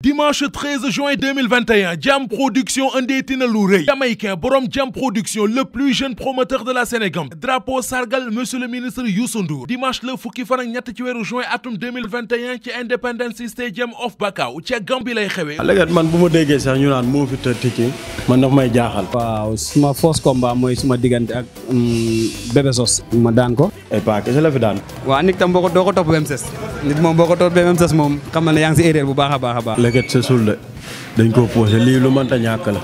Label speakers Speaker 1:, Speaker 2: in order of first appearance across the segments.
Speaker 1: dimanche 13 juin 2021 Jam Production andeeti na lu rëy jamaïcain borom Jam Production le plus jeune promoteur de la Sénégam drapeau sargal monsieur le ministre Youssou Ndour dimanche la fukki fan ñett ci weeru juin atum ci Independence Stadium of Bakau ca Gambie lay xewee légat man
Speaker 2: bu ma déggee sax ñu naan moo fi të tiki man daf may jaaxal waaw suma force combat mooy suma diggante ak mm, bébé ma daan ko et eh, pas que fi daan
Speaker 3: waaw nit tam boo bu baax a
Speaker 4: leket sa sul de dañ koo posé lii lu mënta ñàkk la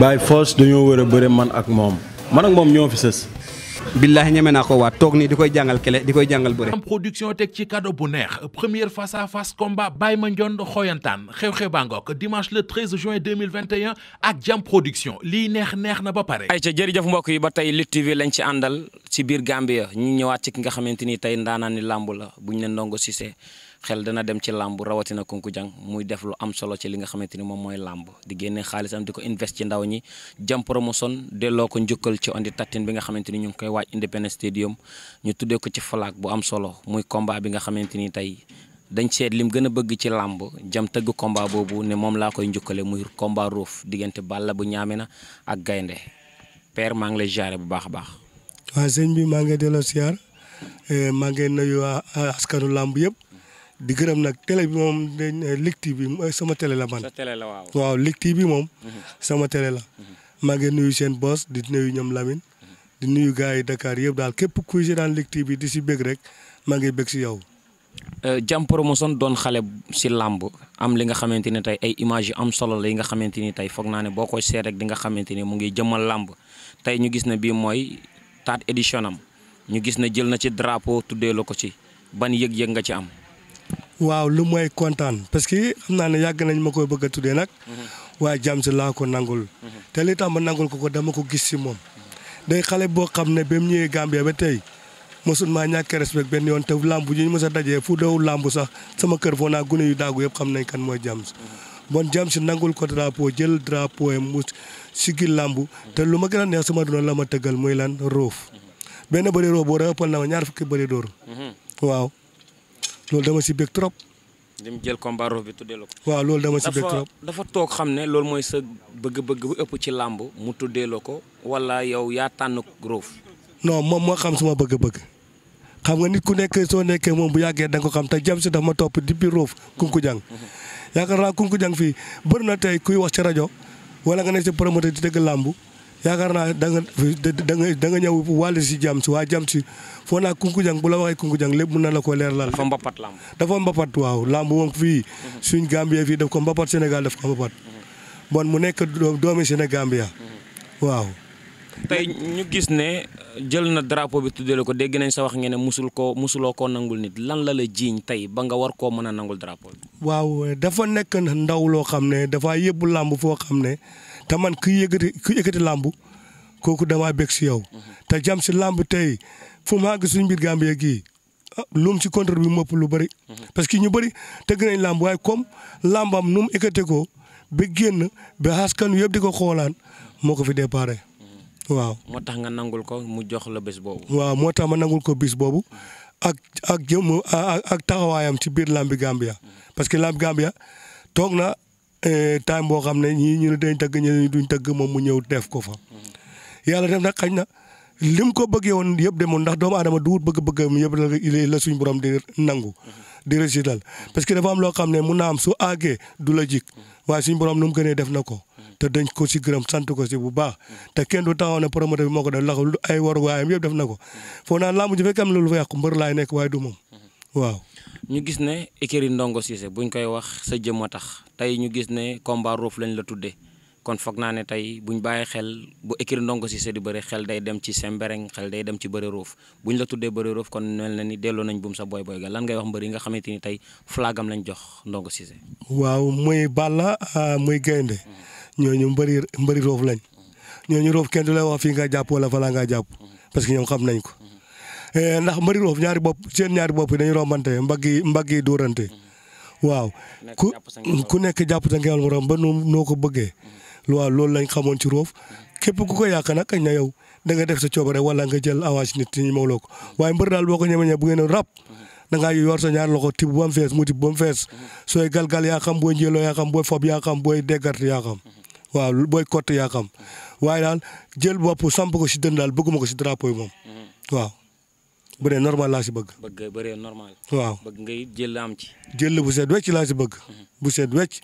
Speaker 4: bàyyi force dañoo war a man ak moom man ak moom ñoo fi sës. billahi ñeme naa ko waat toog nii di koy jàngal kele di koy
Speaker 2: jàngal bëre. am
Speaker 1: production teg ci cadeau bu neex première face à face combat Baye Mandione xoyantaan xew-xew bangok dimanche le 13 juin 2021 ak Jam production lii neex neex na ba pare.
Speaker 4: ay ca jërëjëf mbokk yi ba tey Lutte TV lañ ci àndal ci biir Gambia ñu ñëwaat ci ki nga xamante ni tey ndaanaan ni làmb la buñ leen ndongo Cissé xel dana dem ci làmb rawatina Kunkujang muy def lu am solo ci li nga xamante ni moom mooy làmb di génne xaalisam di ko invest ci ndaw ñi jam promotion delloo ko njukkal ci Ondy tattin bi nga xamante ni ñu ngi koy waaj Independence Stadium ñu tuddee ko ci flag bu am solo muy combat bi nga xamante ni tey dañ seet lim gën a bëgg ci làmb jam tëgg combat boobu ne moom laa koy njukkale muy combat ruuf diggante Balla bu Ñaamena ak Gaynde père maa ngi lay jaare bu baax a baax.
Speaker 2: waaw sëñ bi maa ngi delloo siyaar eh, maa ngi nuyu eh, askanu làmb yëpp. di gërëm nag télé bi moom Lutte TV bi sama télé la man. sa télé la waaw. waaw Lutte bi moom. Mhm. sama télé la. Mhm. maa nuyu seen boss di nuyu ñoom Lamine. Mhm. di nuyu gars yi Dakar yëpp daal képp kuy si daan Lutte bi di si bëgg rek maa ngi bëgg si yow.
Speaker 4: Euh, Jam Promotion doon xale si làmb am li nga xamante ne tey ay image yu am solo la yi nga xamante ni tey foog naa ne boo koy seet rek di nga xamante ni mu ngi jëmmal làmb tey ñu gis na bii mooy taat édition am ñu gis na jël na ci drapeau tuddee la ko ci ban yëg-yëg nga ci am.
Speaker 2: waaw lu mooy kontaan parce que xam naa ne yàgg nañ ma koy bëgg a tuddee nag mm-hmm. waaye Diam's laa ko nangul mm-hmm. te li tax ma nangul ko ko dama ko gis si moom day xale boo xam ne ba mu ñëwee Gambia ba tey mosul maa ñàkk respect benn yoon te làmb yi ñu ma a dajee fu doow làmb sax sama kër foo naa gune yu daagu yëpp xam nañ kan mooy Diam's mm-hmm. bon Diam's nangul ko drapeau jël drapeau yi mu sigil làmb te lu ma gën a neex sama duna la ma tëggal muy lan roof benn bëri roof boo da ëppal loolu dama si bëgg trop.
Speaker 4: lim jël combat rof bi tuddee la ko. waaw
Speaker 2: loolu dama si bëgg trop
Speaker 4: dafa toog xam ne loolu mooy sa bëgg-bëgg bu ëpp ci làmb mu tuddee la ko wala yow yaa tànn rof.
Speaker 2: non moom moo xam suma bëgg-bëgg xam nga nit ku nekk soo nekkee moom bu yàggee da nga ko xam te jam si dafa ma topp depuis roof kunku jàng yaakaar naa kunku jàng fii bëri na tey kuy wax ci rajo wala nga nekk si promoteur di dëgg làmb yaakaar naa da nga da nga da nga ñëw wàll si jàmm si waa jàmm si foo naa kunkujang bu la waxee kunkujang lépp mën na la ko leeralal. dafa mbapat lamb dafa mbapat waaw lamb moom fii. suñ Gambie fii daf ko mbapat Sénégal daf ko mbapat. bon mu nekk doomi Sénégambia waaw.
Speaker 4: na drapeau bi tuddee ko dégg nañ sa wax ngeen ne musul koo musuloo koo nangul nit lan la la jiiñ tey ba nga war a nangul drapeau bi.
Speaker 2: waaw dafa nekk ndaw xam ne dafa yëbbu làmb foo xam ne te man ku yëkkati ku yëkkati làmb kooku damaa bég si yow. te jam si làmb tey fu mu àgg suñu biir gàmb Gambie gii ah, lum si contre bi mopp lu bari parce que ñu bëri tëgg nañ làmb waaye comme làmbam nu mu yëkkate ko bi génn ba askan yëpp di ko xoolaan moo ko fi déparé. waaw
Speaker 4: moo tax nga nangul ko mu jox la bés boobu. waaw
Speaker 2: moo tax ma nangul ko bis boobu. ak ak jëm ak taxawaayam ci biir Lambi Gambia parce que Lambi Gambia toog na Euh, time boo xam ne ñii ñu ne dañ tëgg ñeneen duñ tëgg moom mu ñëw def ko fa. yàlla def nag xañ na lim ko bëggee woon yëpp demoon ndax doomu aadama du wut bëgg-bëggam yëpp la suñ borom di nangu. di résidal parce que dafa am loo xam ne mun naa am su àggee du la jik waaye suñ borom nu mu gënee def na ko. te dañ ko si gërëm sant ko si bu baax te kenn du taxaw ne promoteur bi moo ko def laxul ay waruwaayam yëpp def na ko foo naan làmb ji fekk am na lu fa yàqu mbër laay nekk waaye du moom waaw.
Speaker 4: ñu gis ne écurie Ndongo Cissé buñ koy wax sa jëmm a tax tey ñu gis ne combat roof lañ la tuddee kon foog naa ne tey buñ bàyyi xel bu écurie Ndongo Cissé di bëri xel day dem ci sembereng xel day dem ci bëri roof buñ la tuddee bëri roof kon mel na ni delloo nañ buum sa boy boy ga lan ngay wax mbër yi nga xamante ni tey flagam lañ jox Ndongo Cissé.
Speaker 2: waaw muy Balla ah, muy gaynde ñooñu mbëri mbëri roof lañ ñooñu roof kenn du lay wax fii nga jàpp wala fa laa ngaa jàpp parce que ñoom xam nañ ko. Eh, ndax mbëri roof ñaari bopp seen ñaari bopp yi dañu rombante mbagg yi mbagg yi dóorante mm-hmm. waaw ku ku nekk jàpp sa ngeen morom ba noo ko bëggee mm-hmm. loolu lañ xamoon ci roof mm-hmm. képp ku ko yàq nag kañ na yow da nga def sa coobare wala nga jël avance nit ñi mawloo ko waaye mbër daal boo ko ñemee bu ngeen rab da ngaa yor sa ñaari loxo tibb ba mu fees mu tibb ba mu fees sooy galgal yaa xam booy njëloo yaa xam booy fob yaa xam booy deggart yaa xam waaw booy kot yaa waaye daal jël bopp samp ko si dënd daal bëgguma ko si drapeau yi moom waaw bëree normal laa si bëgg.
Speaker 4: bëgg bëree normal. waaw bëgg ngay jël am ci.
Speaker 2: jël bu seet wecc laa si bëgg. Mhm. bu seet wecc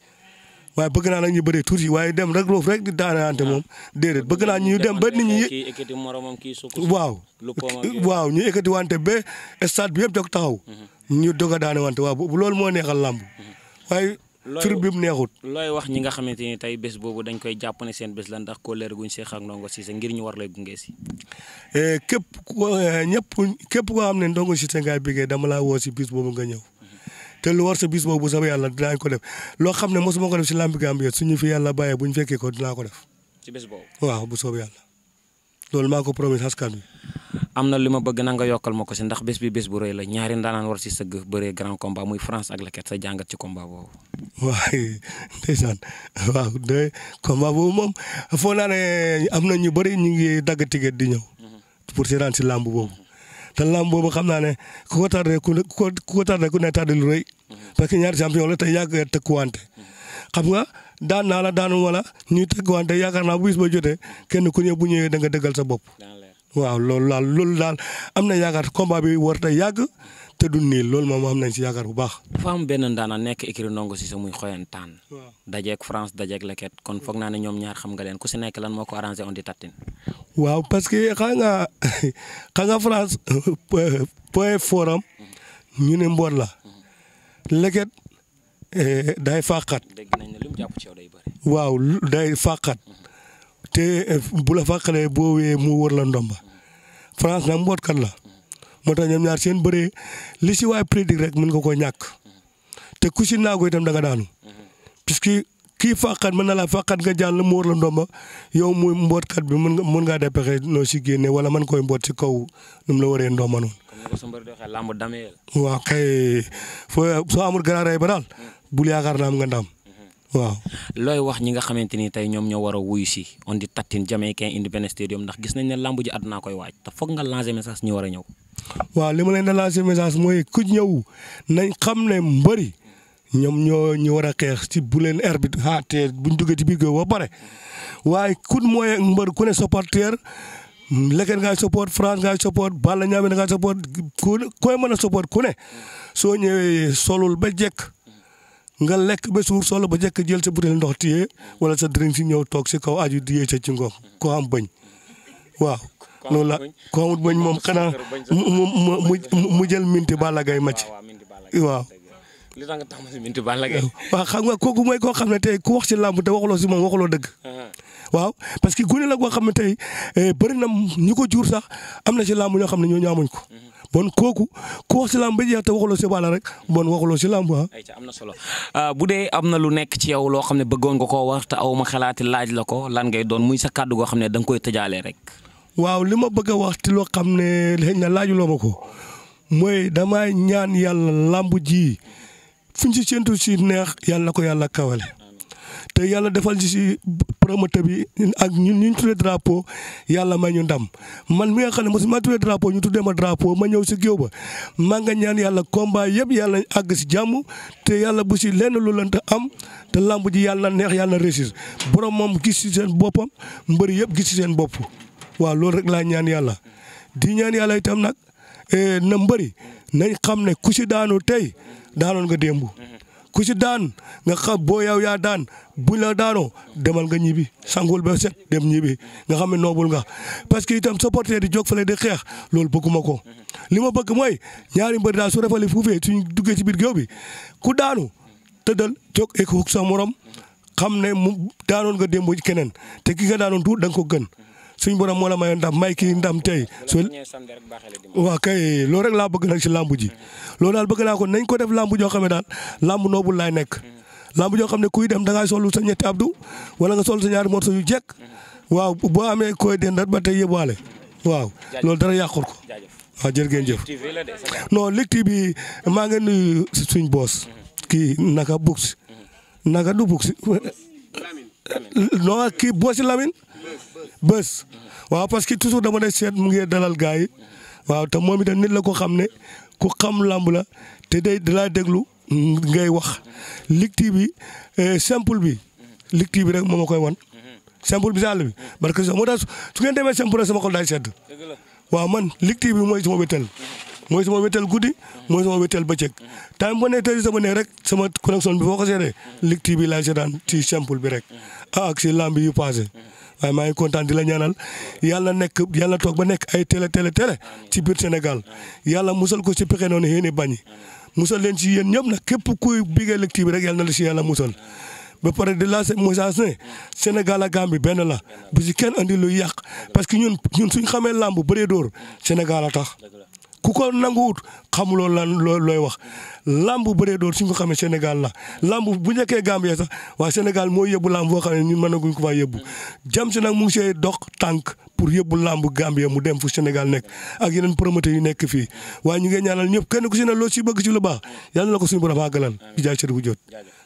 Speaker 2: waaye bëgg naa nag ñu bëree tuuti waaye dem rek roof rek di daanaante moom. Ah. déedéet bëgg naa ñu dem ba nit ñi.
Speaker 4: kii ekkati moromam kii sukk waaw waaw
Speaker 2: ñu ekkati wante ba stade bi yëpp jog taxaw. Mhm. ñu doog a daane wante waaw loolu moo neexal làmb mhm. waaye fir bi mu neexut
Speaker 4: looy wax ñi nga xamante ne tey bés boobu dañ koy jàpp ne seen bés la ndax kóllëre guñ seex ak Ndongo Cissé ngir ñu war lay gunge si
Speaker 2: eh, képp eh, ñëpp képp koo xam ne Ndongo Cissé ngay bigee dama laa woo si bis boobu nga ñëw te lu war sa bis boobu bu sama yàlla dinaañ ko def loo xam ne mosuma ko def si lambi Gambie ñu fi yàlla bàyyee buñ fekkee ko dinaa ko def ci bés boobu waaw bu soob yàlla loolu maa ko promis askan wi.
Speaker 4: am na li ma bëgg na yokkal ma ko si ndax bés bi bés bu rëy la ñaari ndaanaan war si sëgg bëree grand combat muy France ak Leket sa jàngat ci combat boobu.
Speaker 2: waaye ndeysaan waaw de combat boobu moom foo naa am na ñu bëri ñu ngi dagg ticket di ñëw. pour si raan si làmb boobu. te làmb boobu xam naa ne ku ko tardé ku ko ku ko tardé ku ne tardé lu rëy. Mhm. parce que ñaari champion la te yàgg tëkkuwante. Mhm. xam nga. daan naa la daanu wala ñuy tegwante yaakaar naa bu bis ba jotee kenn ku ñëw bu ñëwee da nga dëggal sa bopp. waaw loolu daal loolu daal am na yaakaar combat bi war te yàgg te du nii loolu moom am nañ si yaakaar bu baax.
Speaker 4: dafa am benn ndaana nekk écurie Ndongo Cissé muy xoyantaan. waaw dajeeg France dajeeg leket kon foog naa ne ñoom ñaar xam nga leen ku si nekk lan moo ko arrangé on di tattin.
Speaker 2: waaw parce que xam nga xam nga France point ñu ne mboor la mm-hmm. leket eh, day faaxaat.
Speaker 4: dégg nañ ne lu mu jàpp
Speaker 2: waaw day fàqat te bu la fàqalee boo wee mu wër la ndomba France mboot kat la moo tax ñoom ñaar seen bëree li si waay prédit rek mën nga ko ñàkk te ku si naago itam da nga daanu puisque kii fàqat mën na laa fàqat nga jàll mu wër la ndomba yow muy mbootkat bi mën nga mën ngaa depexe noo si génne wala man koy mboot si kaw nu mu la waree ndomba noonu. waaw kay foo soo amul garaaray ba daal bul yaakaar naa am nga ndam. waaw
Speaker 4: looy wax ñi nga xamante ni tey ñoom ñoo war a wuyu si on di dit Tattine Jamaïcain Independence Stadium ndax gis nañ ne làmb ji àdduna koy waaj te foog nga lancer message ñu war a ñëw.
Speaker 2: waaw li ma leen di lancer message mooy ku ñëw nañ xam ne mbëri ñoom ñoo ñu war a xeex ci bu leen arbitre ah te buñ duggee ci biir géew ba pare waaye ku mooy mbër ku ne supporter Leket ngay support France ngay support Balla Niamé ngay support ku koy mën a support ku ne soo ñëwee solul ba jekk. nga lekk ba suur solo ba njëkk jël sa butéel ndox téye wala sa drink si ñëw toog si kaw aju di yee sa ci ko am bëñ waaw. loolu la ko amut bëñ moom xanaa mu mu mu jël minti Balla Gaye macc waaw.
Speaker 4: li tax nga tax ma minti Balla Gaye.
Speaker 2: waaw xam nga kooku mooy koo xam ne tey ku wax si làmb te waxuloo si moom waxuloo dëgg. waaw parce que gune la koo xam ne tey eh, bëri na ñu ko jur sax am na si làmb ñoo xam ne ñoo ñaamuñ ko. bon kooku ku wax si làmb ba jeex te waxuloo si Balla rek bon waxuloo si làmb ah. am na solo
Speaker 4: ah, bu dee am na lu nekk ci yow loo xam ne bëggoon nga koo wax te aw laaj la ko lan ngay doon muy sa kàddu goo xam ne danga koy tëjaalee
Speaker 2: rek. waaw li ma bëgg a wax ci loo xam ne xëy na laajuloo ma ko mooy damay ñaan yàlla làmb ji fuñ si séntu si neex yàlla ko yàlla kawale. te yàlla defal ci si promoteur bi ak ñun ñu tuddee drapeau yàlla ma ñu ndam man mi nga xam ne mosu ma tuddee drapeau ñu tuddee ma drapo ma ñëw si géew ba man nga ñaan yàlla combat yëpp yàlla àgg si jàmm te yàlla bu si lenn lu leen am te lamb ji yàlla na neex yàlla na réussir borom moom gis si seen boppam mbëri yëpp gis si seen bopp waaw loolu rek laa ñaan yàlla di ñaan yàlla itam nag eh, na mbëri nañ xam ne ku si daanoo tey daanoon nga démb. Mm-hmm. ku si daan nga xam boo yow yaa daan buñ la daanoo demal nga ñibbi sangul ba set dem ñibbi nga xam ne noobul nga parce que itam supporter di jóg fële di xeex loolu bëgguma ko li ma bëgg mooy ñaari mbër daal su rafetlu fuufee suñu duggee ci biir géew bi ku daanu tëddal jog ek xuk sa morom xam ne mu daanoon nga démb keneen te ki nga daanoon tuut da nga ko gën suñ borom moo la may ndam may kii ndam tey. soo waaw kay loolu rek laa bëgg nag si lamb ji. Mm-hmm. loolu daal bëgg naa ko nañ ko def lamb joo xam ne daal lamb noobul laay nekk. Mm-hmm. lamb joo xam ne kuy dem da ngay sol sa ñetti abdu wala nga sol sa ñaari morso yu jekk. Mm-hmm. waaw boo amee koy dendat ba te yëbwaale waaw loolu dara yàqul ko. waaw jërë ngeen jëf non ligti bi maa ngi suñ boos. kii naka buks naka du buks non kii boosi Lamine. bés waaw parce que toujours dama lay seet mu ngi dalal gars yi waaw te moom itam nit la ko xam ne ku xam làmb la te day dalaa déglu ngay wax ligti bi eh, simple bi ligti bi rek moo ma koy wan simple bi sàll bi parce que moo tax su ngeen demee simple rek sama xol daay bi mooy sama sama wétal guddi mooy sama wétal rek sama connexion bi foo ko seetee ligti bi laay seetaan ci simple bi rek ah ak si làmb yu passé waaye maa ngi kontaan di la ñaanal yàlla na nekk yàlla toog ba nekk ay télé télé télé ci biir Sénégal yàlla musal ko si pexe noonu yéen bañ musal leen si yéen ñëpp nag képp kuy bigee lëkk bi rek yàlla na la ci yàlla musal. ba pare di lancer message ne Sénégal ak Gambie benn la bu si kenn andi lu yàq parce que ñun ñun suñ xamee làmb bëree dóor Sénégal a tax. ku ko nanguwut xamuloo lan looy wax lamb bëree door suñ ko xamee Sénégal la lamb bu nekkee Gambie sax waa Sénégal mooy yëbbu lamb boo xam ne ñun mënaguñ ko faa yëbbu jam si nag mu ngi see dox tànk pour yëbbu lamb Gambie mu dem fu Sénégal nekk ak yeneen promoteurs yu nekk fii waa ñu ngi ñaanal ñëpp kenn ku si na loo si bëgg si lu ba yàlla na la ko suñu borom àggalal di jaa sëriñ bu jot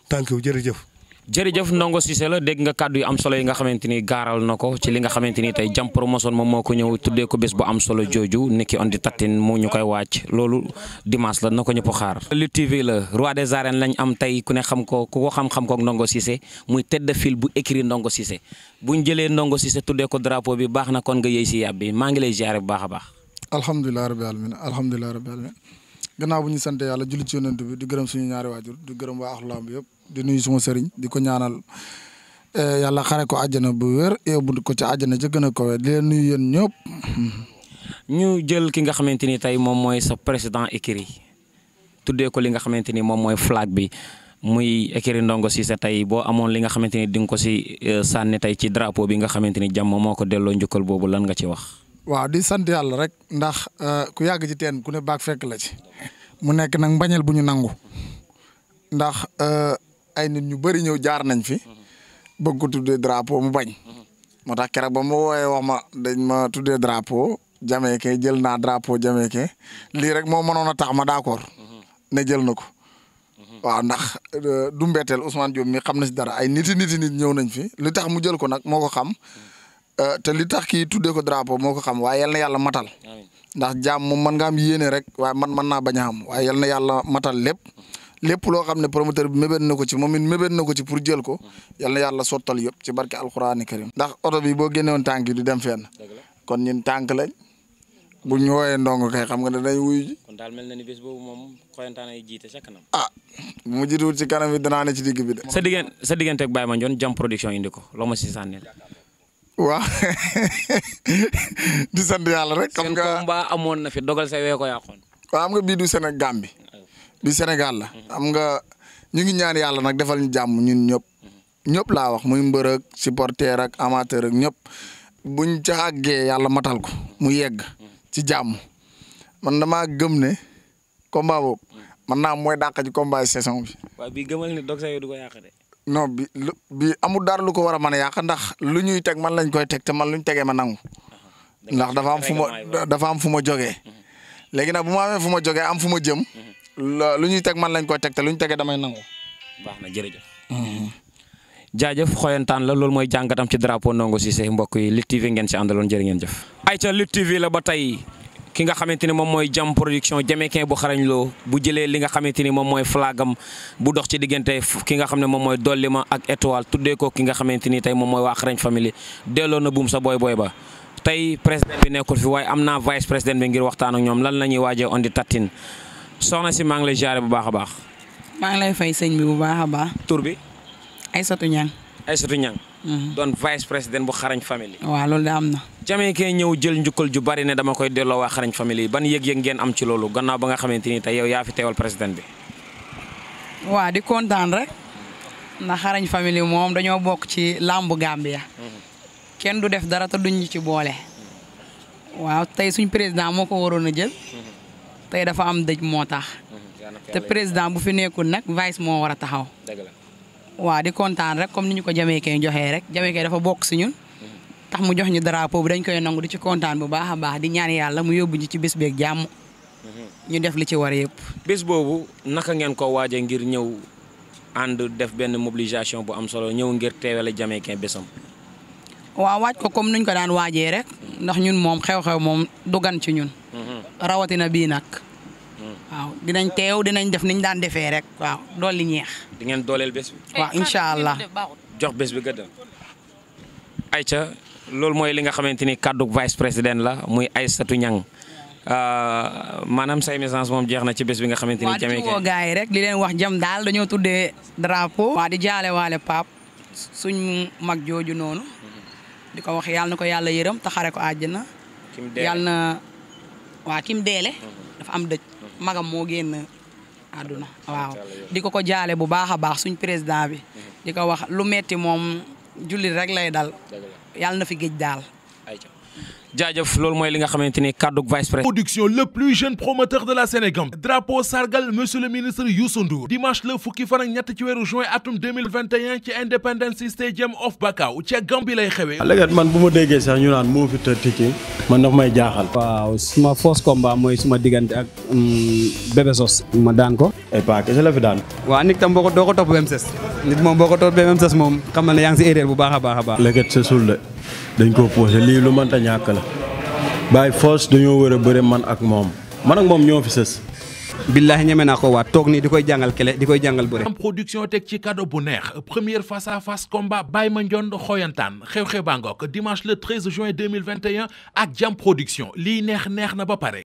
Speaker 2: tànk yow jërëjëf
Speaker 4: jërëjëf Ndongo Cissé la dégg nga kàddu yu am solo yi nga xamante ni gaaral na ko ci li nga xamante ni tey Jam Promotion moom moo ko ñëw tuddee ko bés bu am solo jooju niki on di tattin mu ñu koy wàcc loolu dimanche la na ko ñëpp xaar. Lutte TV la roi des arènes lañ am tey ku ne xam ko ku ko xam-xam kook Ndongo Cissé muy tête de file bu écrit Ndongo Cissé buñ jëlee Ndongo Cissé tuddee ko drapeau bi baax na kon nga yëy si yàb bi maa ngi lay ziare bu baax a baax.
Speaker 3: alhamdulilah rabbil alamin alhamdulilah rabbil alamin gannaaw bu ñu sant yàlla julli ci yonent bi di gërëm suñu ñaari waajur di gërëm waa axlu lamb yëpp di nuy suma sëriñ di ko ñaanal eh, yàlla xare ko àjjana bu wér yóbbu ko ci àjjana ca gën a kawe di leen nuyu yéen ñëpp.
Speaker 4: ñu jël ki nga xamante ni tey moom mooy sa président écurie tuddee ko li nga xamante ni moom mooy flag bi muy écurie Ndongo sa tey boo amoon li nga xamante ni di ko si eh, sànni tey ci drapeau bi nga xamante ni jàmm moo ko delloo njukkal boobu lan nga ci wax.
Speaker 3: waaw di sant yàlla rek ndax euh, ku yàgg ci teen ku ne baag fekk la ci mu nekk nag mbañeel bu ñu nangu ndax euh, ay nit ñu bari ñëw jaar nañ fi bëgg ko tuddee drapeau mu bañ moo tax keroog ba ma wooyee wax ma dañ ma tuddee drapeau Jamaïcain jël naa drapeau Jamaïcain lii rek moom mënoon a tax ma d'accord ne jël na ko waaw ndax euh, du mbeteel Ousmane Diop mi xam na si dara ay niti niti ñëw nañ fi li tax mu jël ko nag moo ko xam. Euh, te li tax kii tuddee ko drapeau moo ko xam waaye yal yàlla matal ndax jaam moom mën nga am yéene rek waaye man mën naa bañ a am waaye yal na yàlla matal lépp lép loo xam ne promoteur bi mébét na ko ci moom it mébét na ko ci pour jël ko yal na yàlla sottal yëpp ci barke alxuraani karim ndax oto bi boo génnewoon tànk yi du dem fenn kon ñun tànk lañ bu ñu ndong ndongo kay xam nga ne dañ wuyu ji.
Speaker 4: kon daal mel na ni boobu moom xoyantaan ay jiite sa kanam.
Speaker 3: ah bu mu jiituwul ci kanam bi danaa ne ci digg bi de. sa diggante sa
Speaker 4: digganteeg Baye Mandione Jam Production indi ko loo ma si sànni
Speaker 3: waaw di sant yàlla rek. nga seen amoon na fi dogal sa wee ko yàqoon. waaw am nga bii du Sénégal bi bi Sénégal la. am nga ñu ngi ñaan yàlla nag defal ñu jàmm ñun ñëpp. ñëpp laa wax muy mbër ak supporter ak amateur ak ñëpp buñ ca àggee yàlla matal ko mu yegg ci jàmm man damaa gëm ne combat boobu man naa mooy dàq ci combat saison bi.
Speaker 4: bii gëmal ne dog sa wee du ko yàq de.
Speaker 3: non bi bi amul dara lu ko war a mën a yàq ndax lu ñuy teg man lañ koy teg te man lu ñu tegee ma nangu. Uh-huh. ndax dafa am fu ma dafa am fu ma jógee. Uh-huh. léegi nag bu ma fu ma jógee am fu ma jëm. Uh-huh. lu ñuy teg man lañ koy teg te lu ñu tegee damay nangu. baax na jërëjëf.
Speaker 4: jaajëf xoyantaan la loolu mooy jàngatam ci drapeau Ndongo Cissé mbokk yi Lutte TV ngeen si àndaloon jërë ngeen jëf. ayca Lutte TV la ba tey. ki nga xamante ni moom mooy jam production jamekin bu xarañ bu jëlee li nga xamante ni moom mooy flagam bu dox ci diggante ki nga xam ne moom mooy dollima ak étoile tuddee ko ki nga xamante ni tey moom mooy waa xarañ famille delloo na buum sa booy booy ba tey président bi nekkul fi waaye am na vice président bi ngir waxtaan ak ñoom lan la ñuy waajee on di tattin soxna si maa ngi lay jaare bu baax a baax.
Speaker 5: maa lay fay sëñ bi bu baax a baax. tur bi. Aysatu Ñang.
Speaker 4: Aysatu Mhm. doon vice président bu xarañ famille.
Speaker 5: waa loolu de am na.
Speaker 4: Jamaïcain ñëw jël njukkal ju bari ne dama koy delloo waa xarañ famille yi ban yëg-yëg ngeen am ci loolu gannaaw ba nga xamante ni tey yow yaa fi teewal président bi.
Speaker 5: waaw di kontaan rek ndax xarañ famille moom dañoo bokk ci làmbu Gambia. Mhm. kenn du def dara te duñ ci boole. waaw tey suñ président moo ko waroon a jël. Mhm. tey dafa am dëj moo tax. te président bu fi nekkul nag vice moo war a taxaw. waaw di kontaan rek comme ni ñu ko Jamaïcain joxee rek Jamaïcain dafa bokk si ñun. tax mu jox ñu drapeau bi dañ koy nangu di ci kontaan bu baaxa baax di ñaan yàlla mu yóbbu ñu ci bés beeg jàmm. Mhm. ñu def li ci war yëpp.
Speaker 4: bés boobu naka ngeen ko waajee ngir ñëw ànd def benn mobilisation bu am solo ñëw ngir teewale Jamaïcain bésam.
Speaker 5: waaw waaj ko comme nuñ ko daan waajee rek mhm. ndax ñun moom xew-xew moom du ci ñun. Mhm. rawatina bii nag. waaw dinañ teew dinañ def niñ daan defee rek waaw
Speaker 4: li ñeex. di ngeen dooleel bés bi. waaw eh, incha allah jox bés bi ay ayca loolu mooy li nga xamante ni kàddu vice président la muy ay Aysatu Ñang euh, maanaam say message moom jeex na ci bés bi nga xamante ni. jamee kee
Speaker 5: gaay rek li leen wax jam daal dañoo tuddee drapeau. waa di jaale waale Pape suñ mag jooju noonu. di ko wax yàlla na ko yàlla yërëm taxare ko àjjana. kim deele waa kim deele mhm. dafa am dëj. magam moo génn àdduna waaw di ko ko jaale bu baax a baax suñ président bi mm-hmm. di ko wax lu metti moom jullit rek lay dal yàlla na fi géej daal
Speaker 4: jaajëf loolu mooy li nga xamante ni kaddu vice président
Speaker 1: production le plus jeune promoteur de la Sénégal drapeau sargal monsieur le ministre Youssou dimanche la fukki fan ñett ci weeru juin atum ci Independence Stadium of Bakau ca Gambie lay xewee légat
Speaker 2: man bu ma déggee sax ñu naan moo fi tëkki man daf may jaaxal waaw suma force combat mooy suma diggante ak mm, bébé
Speaker 4: sos ma daan ko et pas kese la fi daan
Speaker 3: waaw a tam boo ko doo ko topp BMSS nit moom boo ko topp BMSS moom xamal baax a baax a baax
Speaker 4: légat sa dañ ko posé lii lu manta ñàkk la Baye Force dañoo war a bëre man ak moom man ak moom ñoo fi sës.
Speaker 3: billahi ñeme naa ko waat toog nii di koy jàngal kele di koy jàngal bëre. am
Speaker 1: production teg ci kado bu neex première face fas face combat Baye Mandione Xoyantaan xew-xew baa ngoog dimanche le 13 juin 2021 ak Jam Production lii neex neex na ba pare.